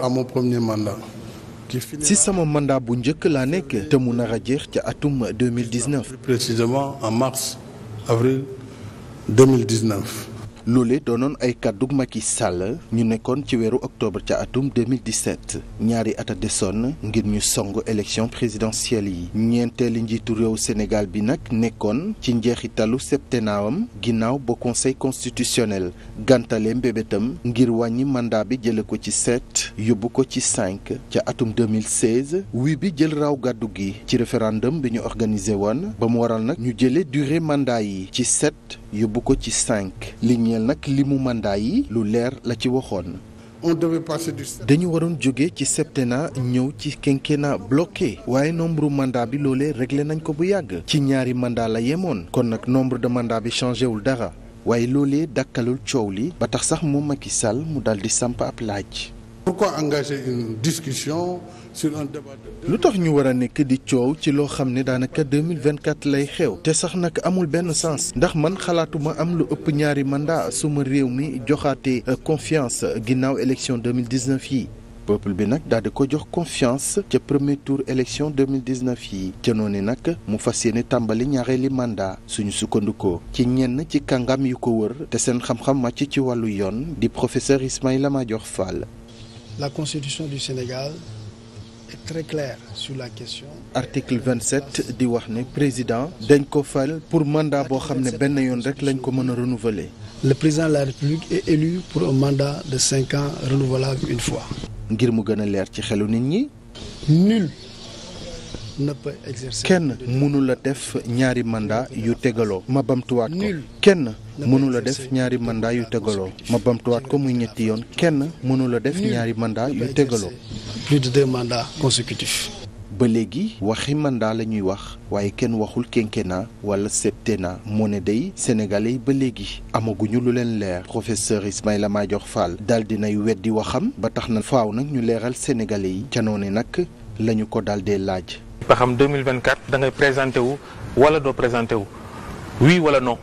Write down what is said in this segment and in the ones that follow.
à mon premier mandat. ci sama mandat bu njëkk laa nekk te mu nar a jeex ca atum 2019. plus précisément en mars avril 2019. loole doonoon ay kàddug Macky Sall ñu nekkoon ci weeru octobre ca atum 2017 ñaari at a desoon ngir ñu song élection présidentielle yi ñeenteeli njiitu réew Sénégal bi nag nekkoon ci njeexitalu septenaawam ginnaaw ba conseil constitutionnel gantale mbébétam ngir wàññi mandat bi jële ko ci sept yóbbu ko ci cinq ca atum 2016 wi bi jël raw gàddu gi ci référendum bi ñu organisé woon ba mu waral nag ñu jële durée mandat yi ci sept yóbbu ko ci cinq li ñeel nag li mu mandat yi lu leer la ci waxoon on devait passer du dañu waroon jóge ci na ñëw ci na bloqué waaye nombre mandat bi loolee réglé nañ ko bu yàgg ci ñaari mandat la yemoon kon nag nombre de mandat bi changé wul dara waaye loolee dakkalul coow li ba tax sax moom Macky Sall mu dal di samp ab laaj pourquoi engager une discussion sur un débat lu tax ñu war a nekk di coow ci loo xam ne daanaka 2024 lay xew te sax nag amul benn sens ndax man xalaatuma am lu ëpp ñaari mandat suma réew mi joxaate euh, confiance ginnaaw élection 2019 yi peuple bi nag daal di ko jox confiance ca premier tour élection 2019 yi ca noonu nag mu fas yéene tàmbali ñaareeli mandat suñu sukkandikoo ci ñenn ci kàngam yu ko wër te seen xam-xam màcc ci wàllu yoon di professeur Ismaïla jox Fall La constitution du Sénégal est très la question. Article 27 di wax ne président dañ ko fal pour mandat boo xam ne benn yoon rek lañ ko mën a renouveler. Le président de la République est élu pour un mandat de cinq ans renouvelable une fois. ngir mu gën a leer ci xelu nit ñi. ne kenn mënula def ñaari mandat yu tegaloo ma bamtuwaat ko mënula def ñaari mandat yu tegaloo ma ko muy ñetti yoon kenn mënula def ñaari mandat yu tegaloo plus de deux ba léegi waxi mandat la ñuy wax waaye kenn waxul quinquennat wala septennat moo ne day sénégalais yi ba léegi amaguñu lu leen leer professeur Ismaïla Madior Fall daal dinay weddi waxam ba tax na faaw nag ñu leeral sénégalais yi ca noone nag lañu ko daal dee laaj ba xam 2024 da ngay présenté wu wala doo présenté wu oui wala non.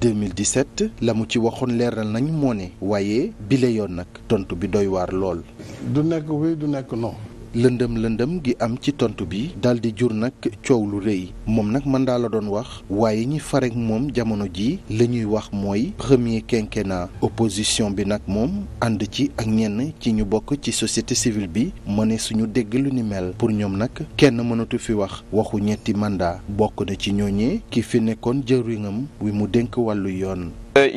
2017 la mu ci waxoon leeral nañ moo ne waaye bile yoon nag tontu bi doy waar lool. du nekk oui du nekk non. lëndëm lëndëm gi am ci tontu bi daal di jur nag coow lu rëy moom nag man daa la doon wax waaye ñi farek moom jamono ji la ñuy wax mooy premier quinquennat opposition bi nag moom ànd ci ak ñenn ci ñu bokk ci société civile bi ne suñu dégg lu ni mel pour ñoom nag kenn mënatu fi wax waxu ñetti mandat bokk na ci ñooñee ki fi nekkoon jëriñam wi mu dénk wàllu yoon. Euh,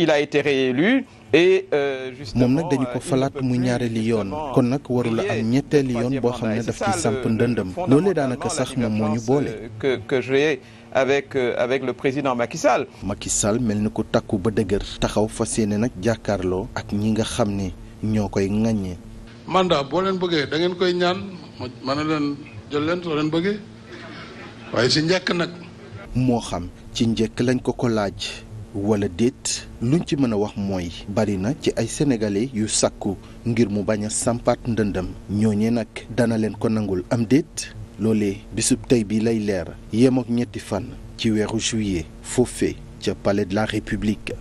et euh, moom nag dañu ko euh, falaat muy ñaareeli yoon kon nag warula am ñetteeli yoon boo xam ne daf ci samp ndëndëm loolee daanaka sax moom moo ñu boole. Euh, que que j'ai avec président Macky Sall. Macky Sall mel ni ko takku ba dëgër. taxaw fas yéene nag jàkkaarloo. ak ñi nga xam ne ñoo koy ŋaññee. mandat boo leen bëggee da ngeen koy ñaan ma ne leen jël leen soo leen bëggee waaye si njëkk nag. moo xam ci njëkk lañ ko ko laaj. wala déet luñ ci mën a wax mooy bari na ci ay sénégalais yu sàkku ngir mu bañ a sampaat ndëndam ñooñee nag dana leen ko nangul am déet loole bisub tey bi lay leer yem ak ñetti fànn ci weeru juillet foofee ca palais de la république.